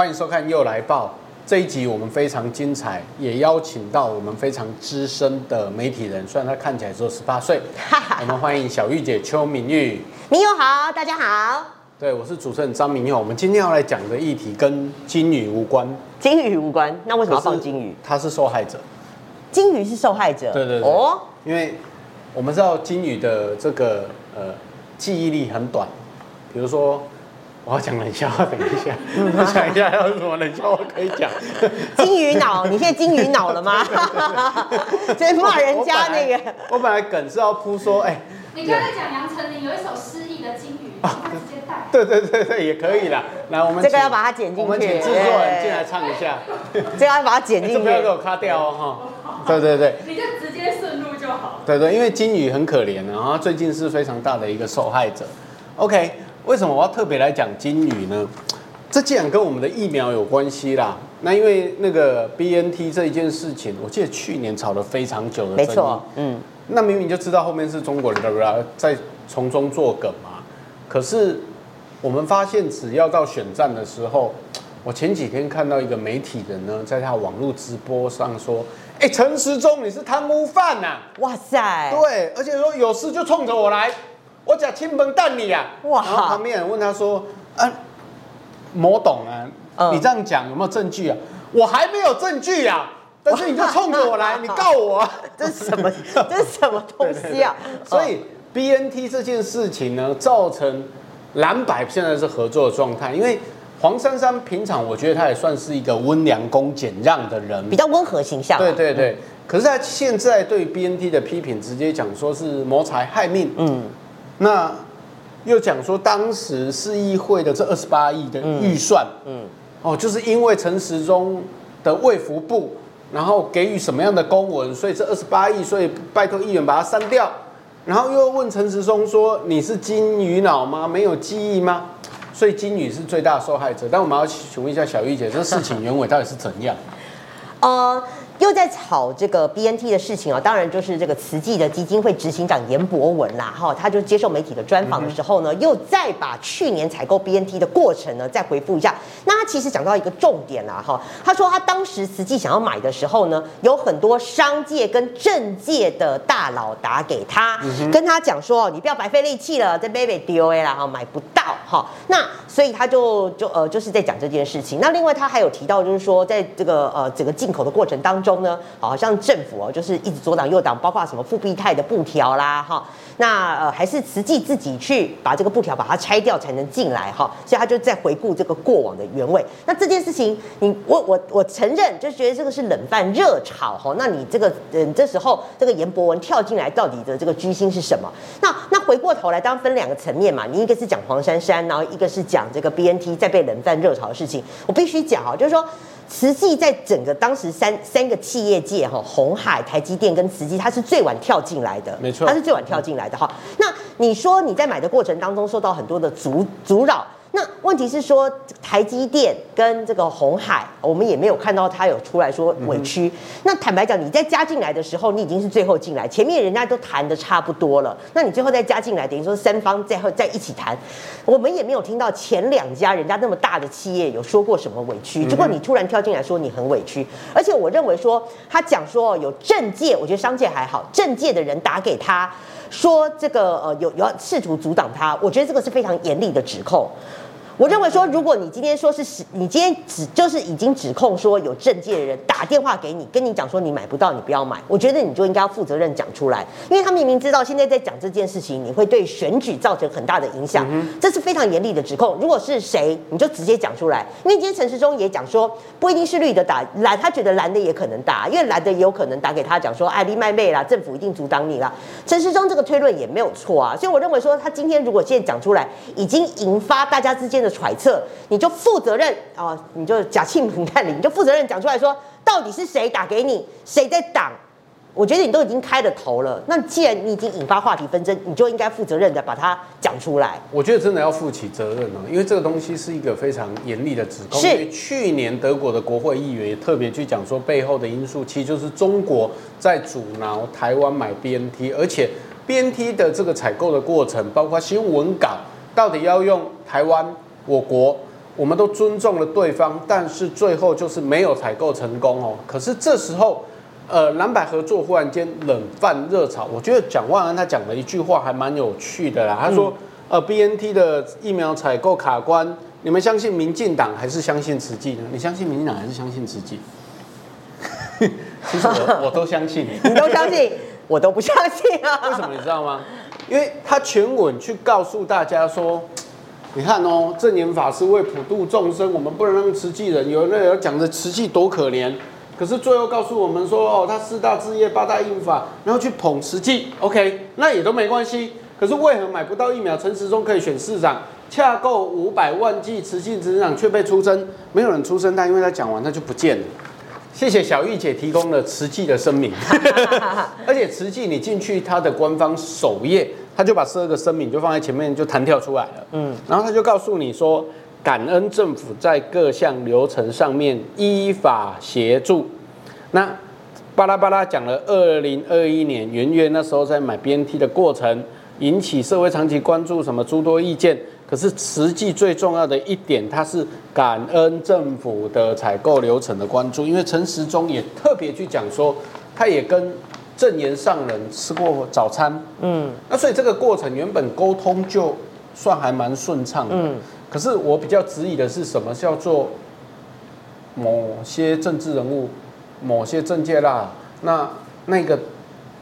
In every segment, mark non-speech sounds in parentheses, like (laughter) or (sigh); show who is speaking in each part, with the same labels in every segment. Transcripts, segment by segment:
Speaker 1: 歡迎收看《祐來爆》這一集，我們非常精彩，也邀請到我們非常資深的媒體人。雖然他看起來只有十八歲，哈哈哈哈，我們歡迎小玉姐 (laughs) 邱明玉，
Speaker 2: 明玉好，大家好。
Speaker 1: 對，我是主持人張明祐。我們今天要來講的議題跟金魚無關，金魚無關，那為什麼要放金魚？是他是受害者，
Speaker 2: 金魚是受害者。對對對，哦，因
Speaker 1: 為我們知道金魚的這個呃記憶力很短，比如說。我要講冷笑話，等一下，我想
Speaker 2: 一下還有什麼冷笑話可以講。啊、金魚腦，你現在金魚腦了嗎？在罵 (laughs) 人家那個我。我本來梗是要鋪說，哎。你剛才講楊丞琳有一首失憶
Speaker 1: 的金魚，直接帶。對對對對，也可以啦。來，我們這個要
Speaker 2: 把它剪進去。我們請製作人進來唱一
Speaker 1: 下。這要把它剪進去。不要給我卡掉哦，哈。對對對。你就直
Speaker 2: 接順路就好。
Speaker 1: 對對，因為金魚很可憐的、啊，它最近是非常大的一個受害者。OK。為什麼我要特別來講金魚呢？這既然跟我們的疫苗有關係啦，那因為那個 BNT 這一件事情，我記得去年吵了非常久的，沒錯，嗯，那明明就知道後面是中國人的啦在從中作梗嘛。可是我們發現，只要到選戰的時候，我前幾天看到一個媒體人呢，在他網絡直播上說：“哎，陳時中你是貪污犯吶、啊！”哇塞，對，而且說有事就衝着我來。我講親朋蛋你啊，哇然後旁邊人問他說：“呃、魔董啊，我懂啊，你這樣講有沒有證據啊？我還沒有證據啊！但是你就衝着我來，哇你告我、啊，這是什麼？ (laughs) 這是什麼東西啊？對對對，所以 B N T 這件事情呢，造成藍白現在是合作的狀態。因為黃珊珊平常我覺得她也算是一個溫良恭儉讓的人，比較溫和形象、啊。對對對，嗯、可是她現在對 B N T 的批評，直接講說是謀財害命。嗯。那又講說，當時市議會的這二十八億的預算，嗯，哦，就是因為陳時中，的衛福部，然後給予什麼樣的公文，所以這二十八億，所以拜託議員把它刪掉，然後又問陳時中說：“你是金魚腦嗎？沒有記憶嗎？”所以金魚是最大受害者，但我們要請問一下小玉姐，這事情原委到底是怎樣？
Speaker 2: 呃。又在炒這個 BNT 的事情啊，當然就是這個慈濟的基金會執行長顏博文啦，哈，他就接受媒體的專訪的時候呢，又再把去年採購 BNT 的過程呢再回復一下。那他其實講到一個重點啦，哈，他說他當時慈濟想要買的時候呢，有很多商界跟政界的大佬打給他，嗯、哼跟他講說哦，你不要白費力氣了，這 baby DOA 啦，哈，買不到，哈，那所以他就就呃就是在講這件事情。那另外他還有提到就是說，在這個呃整個進口的過程當中。中呢，好像政府哦，就是一直左擋右擋，包括什麼復必泰的布條啦，哈，那呃還是慈濟自己去把這個布條把它拆掉才能進來哈，所以他就在回顧這個過往的原委。那這件事情，你我我我承認，就覺得這個是冷飯熱炒哈。那你這個嗯，這時候這個嚴博文跳進來，到底的這個居心是什麼？那那回過頭來，當然分兩個層面嘛，你一個是講黃珊珊，然後一個是講這個 B N T 在被冷飯熱炒的事情。我必須講哈，就是說。慈濟在整個當時三三個企業界吼，鴻海、台積電跟慈濟，它是最晚跳進來的，沒錯，它是最晚跳進來的哈。那你說你在買的過程當中受到很多的阻阻撓。那問題是說台積電跟這個鴻海，我們也沒有看到他有出來說委屈、嗯哼。那坦白講，你在加進來的時候，你已經是最後進來，前面人家都談的差不多了，那你最後再加進來，等於說三方再後在一起談。我們也沒有聽到前兩家人家那麼大的企業有說過什麼委屈。結果，你突然跳進來說你很委屈，而且我認為說他講說有政界，我覺得商界還好，政界的人打給他，說這個呃，有有要試圖阻擋他，我覺得這個是非常嚴厲的指控。我認為說，如果你今天說是你今天指就是已經指控說有政界的人打電話給你，跟你講說你買不到，你不要買。我覺得你就應該要負責任講出來，因為他明明知道現在在講這件事情，你會對選舉造成很大的影響，這是非常嚴厲的指控。如果是誰，你就直接講出來。因為今天陳時中也講說，不一定是綠的打藍，他覺得藍的也可能打，因為藍的也有可能打給他講說愛麗麥妹啦，政府一定阻擋你啦。陳時中這個推論也沒有錯啊，所以我認為說他今天如果現在講出來，已經引發大家之間的。的揣測，你就負責任啊、哦。你就假慶平看你就負責任講出來說，到底是誰打給你，誰在擋？我覺得你都已經開了頭了，那既然你已經引發話題紛爭，你就應該負責任的把它講出來。
Speaker 1: 我覺得真的要負起責任啊，因為這個東西是一個非常嚴厲的指控。是去年德國的國會議員也特別去講說，背後的因素其實就是中國在阻撓台灣買 BNT，而且 BNT 的這個採購的過程，包括新聞稿到底要用台灣。我國我們都尊重了對方，但是最後就是沒有採購成功哦。可是這時候，呃，藍白合作忽然間冷飯熱炒。我覺得蔣萬安他講了一句話還蠻有趣的啦。他說：“嗯、呃，BNT 的疫苗採購卡關，你們相信民進黨還是相信慈濟呢？你相信民進黨還是相信慈濟？” (laughs) 其實我我都相信你， (laughs) 你都相信，我都不相信啊。為什麼你知道嗎？因為他全文去告訴大家說。你看哦，證嚴法師為普度眾生，我們不能讓慈濟人，人有那要講的慈濟多可憐。可是最後告訴我們說哦，他四大志業、八大印法，然後去捧慈濟，OK，那也都沒關係。可是為何買不到疫苗？陳時中可以選市長，洽購五百萬劑，慈濟執行長卻被出征，沒有人出聲，但因為他講完他就不見了。謝謝小玉姐提供了慈濟的聲明， (laughs) (laughs) 而且慈濟你進去他的官方首頁。他就把十二個聲明就放在前面，就彈跳出來了。嗯，然後他就告訴你說，感恩政府在各項流程上面依法協助。那巴拉巴拉講了，二零二一年元月那時候在買 BNT 的過程，引起社會長期關注，什麼諸多意見。可是實際最重要的一點，他是感恩政府的採購流程的關注，因為陳時中也特別去講說，他也跟證嚴上人吃過早餐，嗯，那所以這個過程原本溝通就算還蠻順暢的，嗯，可是我比較質疑的是什麼叫做某些政治人物、某些政界啦，那那個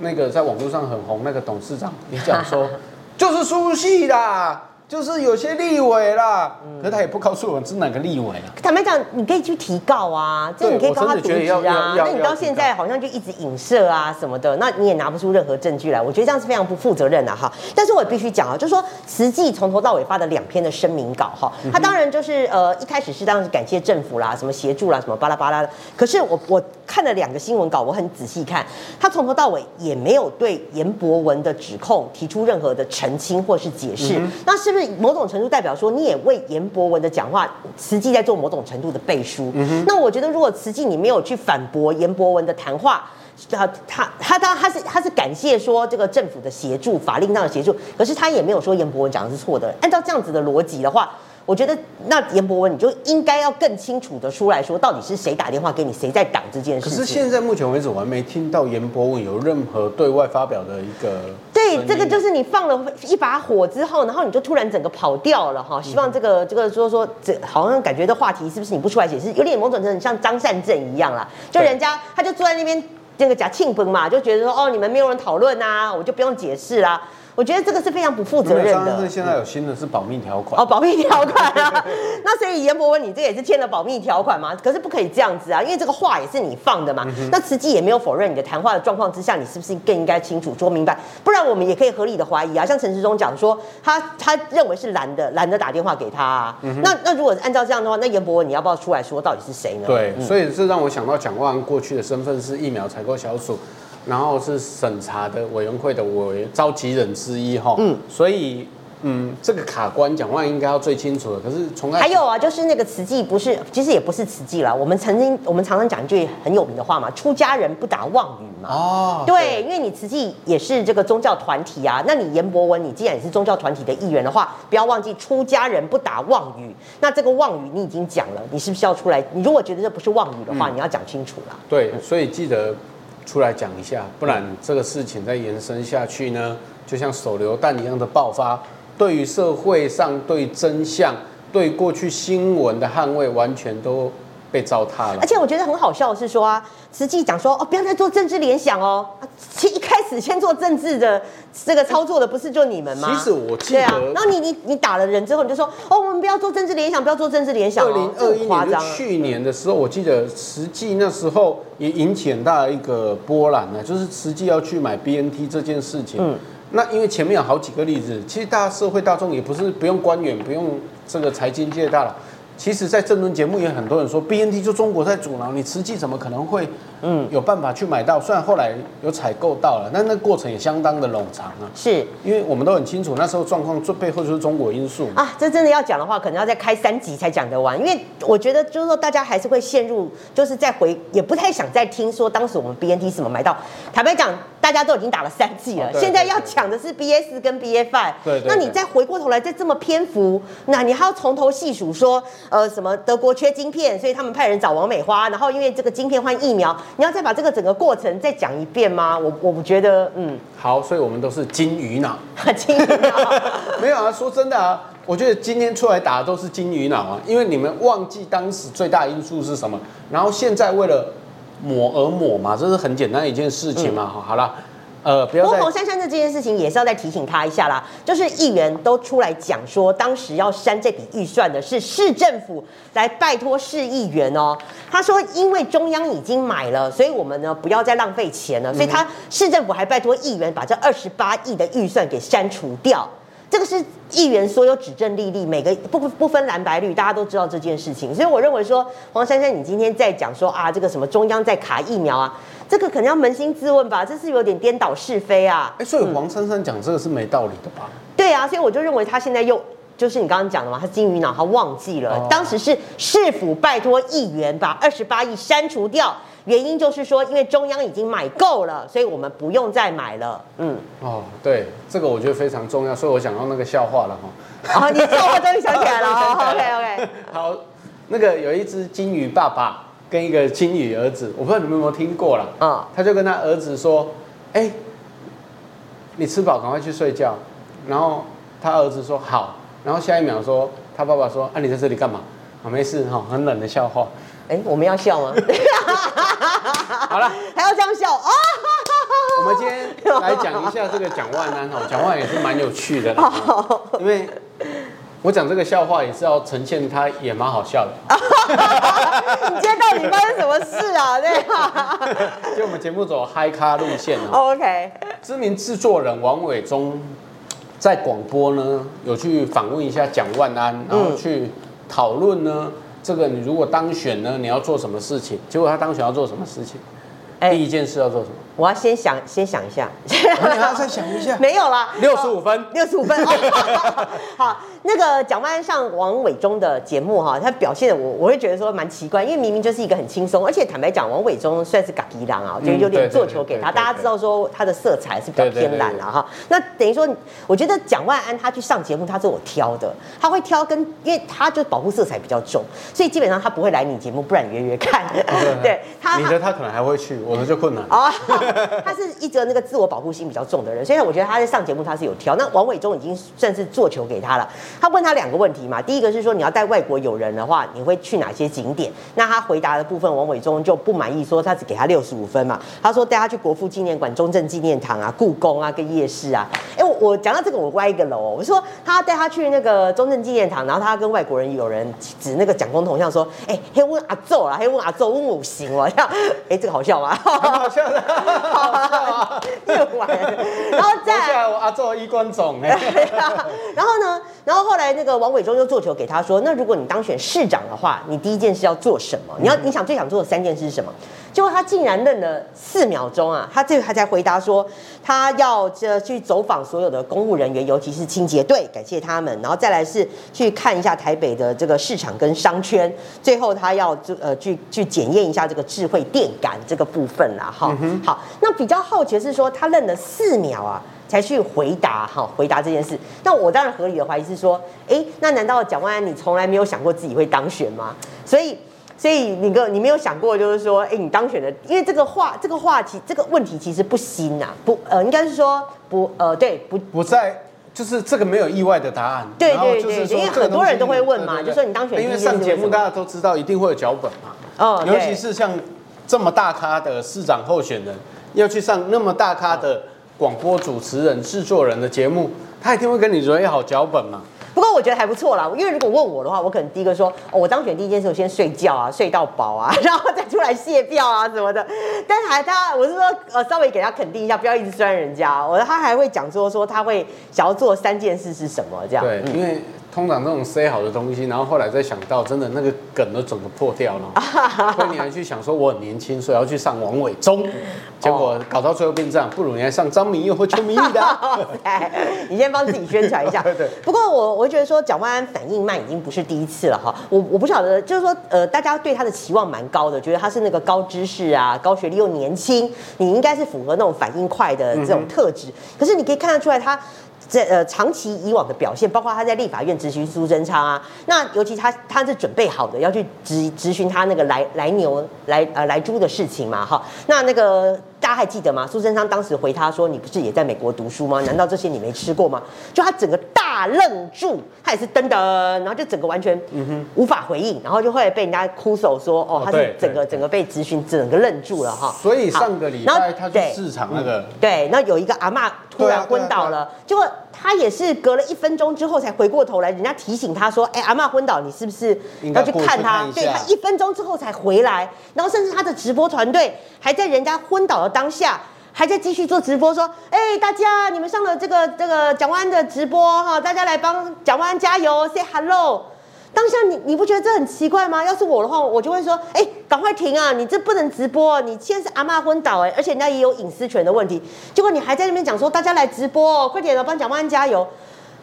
Speaker 1: 那個在網絡上很紅那個董事長，你講說 (laughs) 就是輸戲啦。
Speaker 2: 就是有些立委啦，嗯、可是他也不告訴我們是哪個立委啊。坦白講，你可以去提告啊，就你可以告他瀆職啊。那你到現在好像就一直影射、啊、射啊什麼的，那你也拿不出任何證據來。我覺得這樣是非常不負責任的、啊、哈。但是我也必須講啊，就是說實際從頭到尾發的兩篇的聲明稿哈，他當然就是、嗯、哼呃一開始是當時感謝政府啦，什麼協助啦，什麼巴拉巴拉的。可是我我。看了兩個新聞稿，我很仔細看，他從頭到尾也沒有對嚴博文的指控提出任何的澄清或是解釋。嗯、哼那是不是某種程度代表說，你也為嚴博文的講話慈濟在做某種程度的背書？嗯、哼那我覺得，如果慈濟你沒有去反駁嚴博文的談話，他他他他他是他是感謝說這個政府的協助、法令上的協助，可是他也沒有說嚴博文講的是錯的。按照這樣子的邏輯的話。我覺得那顏博文你就應該要更清楚的出來說，到底是誰打電話給你，誰在擋這件事。可是現
Speaker 1: 在目前為止，我還沒聽到顏博文有任何對外發表的一個。對，這個就
Speaker 2: 是你放了一把火之後，然後你就突然整個跑掉了哈。希望這個、嗯、這個說說這好像感覺的話題，是不是你不出來解釋，有點某種程度像張善政一樣啦。就人家對他就坐在那邊那個賈慶斌嘛，就覺得說哦，你們沒有人討論啊，我就不用解釋啦、啊。我覺得這個是非常不負責任的。因、嗯、現
Speaker 1: 在有新的是保密條款。哦，保密
Speaker 2: 條款啊， (laughs) 那所以顏博文，你這也是簽了保密條款嗎？可是不可以這樣子啊，因為這個話也是你放的嘛。嗯、哼那慈濟也沒有否認你的談話的狀況之下，你是不是更應該清楚說明白？不然我們也可以合理的懷疑啊，像陳時中講說，他他認為是藍的，藍的打電話給他、啊。嗯、哼那那如果按照這樣的話，那顏博文你要不要出來說到底是誰呢？對，所
Speaker 1: 以這讓我想到蔣萬過去的身份是疫苗採購小組。然後是審查的委員會的委員召集人之一哈，嗯，所以嗯，這個卡關講話應該要最清楚了。可是從來，還
Speaker 2: 有啊，就是那個慈濟不是，其實也不是慈濟啦。我們曾經我們常常講一句很有名的話嘛，出家人不打妄語嘛。哦，對，對，因為你慈濟也是這個宗教團體啊，那你顏博文，你既然也是宗教團體的一員的話，不要忘記出家人不打妄語。那這個妄語你已經講了，你是不是要出來？你如果覺得這不是妄語的話，嗯、你要講清楚啦。
Speaker 1: 對，所以記得。出來講一下，不然這個事情再延伸下去呢，就像手榴彈一樣的爆發，對於社會上對真相、對過去新聞的捍衛，完全都。被糟蹋了，而且
Speaker 2: 我覺得很好笑的是說啊，慈濟講說哦，不要再做政治聯想哦。其實一開始先做政治的這個操作的，不是就你們嗎？其實我記得，對啊、然後你你你打了人之後，你就說哦，我們不要做政治聯想，不要做政治聯想、哦。二零二一年去
Speaker 1: 年的時候，我記得慈濟那時候也引起很大一個波瀾呢、啊，就是慈濟要去買 BNT 這件事情。嗯，那因為前面有好幾個例子，其實大家社會大眾也不是不用官員，不用這個財經界大佬。其實，在政論節目，也很多人說，B N T 就中國在阻撓你，慈濟怎麼可能會，嗯，有辦法去買到？嗯、雖然後來有採購到了，但那個過程也相當的冗長啊。是，因為我們都很清楚那時候狀況最背後
Speaker 2: 就是中國因素啊。這真的要講的話，可能要再開三集才講得完，因為我覺得就是說大家還是會陷入，就是在回也不太想再聽說當時我們 B N T 怎麼買到。坦白講。大家都已經打了三劑了，哦、對對對，現在要搶的是 BS 跟 BA5。對，那你再回過頭來再這麼篇幅，對對對，那你還要從頭細數說，呃，什麼德國缺晶片，所以他們派人找王美花，然後因為這個晶片換疫苗，你要再把這個整個過程再講一遍嗎？我我不覺得，嗯。
Speaker 1: 好，所以我們都是金魚腦。金魚腦。 (laughs) (laughs) 沒有啊，說真的啊，我覺得今天出來打的都是金魚腦啊，因為你們忘記當時最大因素是什麼，然後現在為了。抹而抹嘛，這是很簡單一件事情嘛。嗯、好了，呃，不要再。不過黃
Speaker 2: 珊珊的這件事情也是要再提醒他一下啦。就是議員都出來講說，當時要刪這筆預算的是市政府來拜託市議員哦、喔。他說，因為中央已經買了，所以我們呢不要再浪費錢了。所以他市政府還拜託議員把這二十八億的預算給刪除掉。這個是議員所有指證歷歷，每個不不分藍白綠，大家都知道這件事情，所以我認為說黃珊珊，你今天在講說啊，這個什麼中央在卡疫苗啊，這個可能要捫心自問吧，這是有點顛倒是非啊。誒所以黃珊珊講這個是沒道理的吧？嗯，對啊，所以我就認為她現在又。就是你剛剛講的嘛，他金魚腦他忘記了，哦、當時是市府拜托議員把二十八億刪除掉，原因就是說因為中央已經買夠了，所以我們不用再買
Speaker 1: 了。嗯，哦，對，這個我覺得非常重要，所以我講到那個笑話了
Speaker 2: 哈、哦。啊、哦，你笑話終於想起來了。OK OK。
Speaker 1: 好，那個有一隻金魚爸爸跟一個金魚兒子，我不知道你們有沒有聽過了啊？哦、他就跟他兒子說：“哎，你吃飽趕快去睡覺。”然後他兒子說：“好。”然後下一秒說，他爸爸說：“啊，你在這裡幹嘛？啊，沒事哈、哦，很冷的笑話。”
Speaker 2: 哎，我們要笑嗎？ (laughs) 好了，還要這樣笑、oh! 我們今天來講一下這個蔣萬安哈，蔣萬安也是蠻有趣的因為、
Speaker 1: oh! 我講這個笑話也是要呈現他也蠻好笑的。 (laughs) (laughs) 你
Speaker 2: 今天到底發生什麼事啊？對吧？
Speaker 1: 啊？就我們節目走嗨咖路線
Speaker 2: 了。Oh, OK。
Speaker 1: 知名製作人王偉忠。在廣播呢，有去訪問一下蔣萬安，然後去討論呢，這個你如果當選呢，你要做什麼事情？結果他當選要做什麼事情？第一件事要做什麼、欸？我要先想，
Speaker 2: 先想一下。你要再想一下。 (laughs) 沒有了啦。六十五分，六十五分、 (laughs) 哦，好好好。好，那個蔣萬安上王偉忠的節目哈，他表現的我我會覺得說蠻奇怪，因為明明就是一個很輕鬆，而且坦白講，王偉忠算是家己人啊，我覺得有點做球給他。大家知道說他的色彩是比較偏藍的哈。對對對對，那等於說，我覺得蔣萬安他去上節目，他是我挑的，他會挑跟，因為他就保護色彩比較重，所以基本上他不會來你節目，不然約約看。嗯、對，他，你覺得他可能還會去？我們就困難啊、oh！他是一直那個自我保護心比較重的人， (laughs) 所以我覺得他在上節目他是有挑。那王偉忠已經算是做球給他了。他問他兩個問題嘛，第一個是說，你要帶外國友人的話，你會去哪些景點？那他回答的部分，王偉忠就不滿意，說他只給他六十五分嘛。他說帶他去國父紀念館、中正紀念堂啊、故宮啊、跟夜市啊。哎，我講到這個我歪一個樓、哦，我說他帶他去那個中正紀念堂，然後他跟外國人友人指那個蔣公銅像說，哎，黑問阿晝啦，黑問阿晝問五行我、啊、要。這樣，哎，這個好笑嗎？哦、好笑的，又玩，呵呵。然後再下來啊，做衣冠塚，然後呢，然後後來那個王偉忠又做球給他說，那如果你當選市長的話，你第一件事要做什麼？你要你想最想做的三件事是什麼？就他竟然愣了四秒鐘啊！他這個他才回答說，他要呃去走訪所有的公務人員，尤其是清潔隊，感謝他們。然後再來是去看一下台北的這個市場跟商圈。最後他要去呃去去檢驗一下這個智慧電感這個部分啦、啊。哈。嗯、哼好，那比較好奇是說他愣了四秒啊，才去回答哈，回答這件事。那我當然合理的懷疑是說，哎，那難道蔣萬安你從來沒有想過自己會當選嗎？所以。所以，你個你沒有想過，就是說，哎、欸，你當選的，因為這個話，這個話題，這個問題其實不新啊，不，呃，應該是說不，呃，對，不，
Speaker 1: 不在，就是這個沒有意外的答案。嗯、對對對，因為很多人都會問嘛，對對對，就說你當選件件。因為上節目大家都知道一定會有腳本嘛，哦、尤其是像這麼大咖的市長候選人要去上那麼大咖的廣播主持人、制作人的節目，他一定會跟你準備好腳本嘛。
Speaker 2: 我覺得還不錯啦，因為如果問我的話，我可能第一個說，哦，我當選第一件事我先睡覺啊，睡到飽啊，然後再出來卸票啊，什麼的。但是還他，我是說，呃，稍微給他肯定一下，不要一直酸人家。我他還會講說，說他會想要做三件事是什麼這樣。對、嗯，因
Speaker 1: 為。通常這種塞好的東西，然後後來再想到，真的那個梗都整個破掉了。 (laughs) 所以你還去想說我很年輕，所以要去上王偉忠， (laughs) 結果搞到最後變這
Speaker 2: 樣，不如你還上張明義或邱明玉的，啊 (laughs) 哎。你先幫自己宣傳一下。 (laughs) 對 不過我我覺得說蔣萬安反應慢已經不是第一次了哈。我我不曉得，就是說呃，大家對他的期望蠻高的，覺得他是那個高知識啊、高學歷又年輕，你應該是符合那種反應快的這種特質。嗯、哼可是你可以看得出來他。在呃，長期以往的表現，包括他在立法院質詢蘇貞昌啊，那尤其他他是準備好的要去質質詢他那個來來牛來呃來豬的事情嘛，哈，那那個大家還記得嗎？蘇貞昌當時回他說：“你不是也在美國讀書嗎？難道這些你沒吃過嗎？”就他整個大愣住，他也是噔噔，然後就整個完全無法回應，然後就會被人家哭手說：“哦，他是整個、哦、整個被質詢，整個愣住了哈。”所以上個禮拜後他對市場那個、嗯、對，那有一個阿媽突然昏倒、啊啊啊、了，結果。他也是隔了一分鐘之後才回過頭來，人家提醒他說：“哎、欸，阿嬤昏倒，你是不是要去看他？”他對他一分鐘之後才回來，然後甚至他的直播團隊還在人家昏倒的當下還在繼續做直播，說：“哎、欸，大家你們上了這個這個蔣萬安的直播哈，大家來幫蔣萬安加油，say hello。”當下你你不覺得這很奇怪嗎？要是我的話，我就會說：哎、欸，趕快停啊！你這不能直播，你現在是阿媽昏倒哎、欸，而且人家也有隱私權的問題。結果你還在那邊講說，大家來直播，快點哦，幫蔣萬安加油。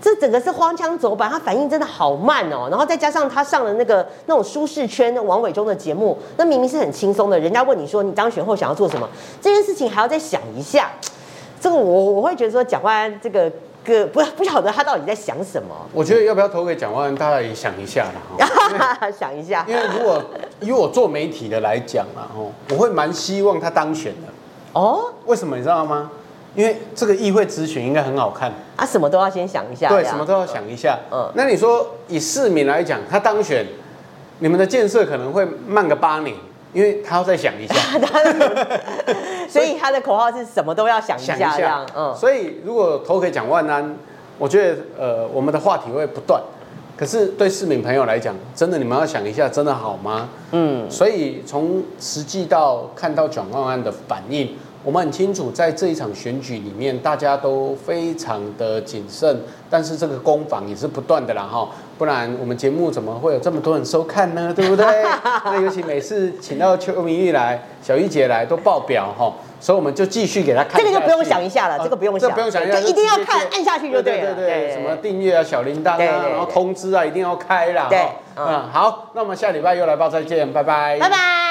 Speaker 2: 這整個是荒腔走板，他反應真的好慢哦、喔。然後再加上他上了那個那種舒適圈的王偉忠的節目，那明明是很輕鬆的。人家問你說，你當選後想要做什麼？這件事情還要再想一下。這個我我會覺得說，蔣萬安這個。不不曉得他到底在想什麼？
Speaker 1: 我覺得要不要投給蔣萬，大家也想一下啦。
Speaker 2: 想一下，因為如
Speaker 1: 果以我做媒體的來講嘛，哦，我會蠻希望他當選的。哦，為什麼你知道嗎？因為這個議會質詢應該很好看
Speaker 2: 啊，什麼都要先想一下，對，什麼都
Speaker 1: 要想一下。嗯、哦，那你說以市民來講，他當選，你們的建設可能會慢個
Speaker 2: 八年。因為他要再想一下， (laughs) 所以他的口號是什麼都要想一下，這樣。嗯，所以如果
Speaker 1: 投給蔣萬安，我覺得呃，我們的話題會不斷。可是對市民朋友來講，真的你們要想一下，真的好嗎？嗯，所以從實際到看到蔣萬安的反應，我們很清楚，在這一場選舉裡面，大家都非常的謹慎，但是這個攻防也是不斷的啦哈，不然我們節目怎麼會有這麼多人收看呢？對不對？那尤其每次請到邱明玉來、小玉姐來都爆表哈，所以我們就繼續給她看。這個就不用想一下了，這個不用想，這不用想，就一定要看，按下去就對了。對對對，什麼訂閱啊、小鈴鐺啊，然後通知啊，一定要開啦。對，嗯，好，那我們下禮拜又來報，再見，拜拜，拜拜。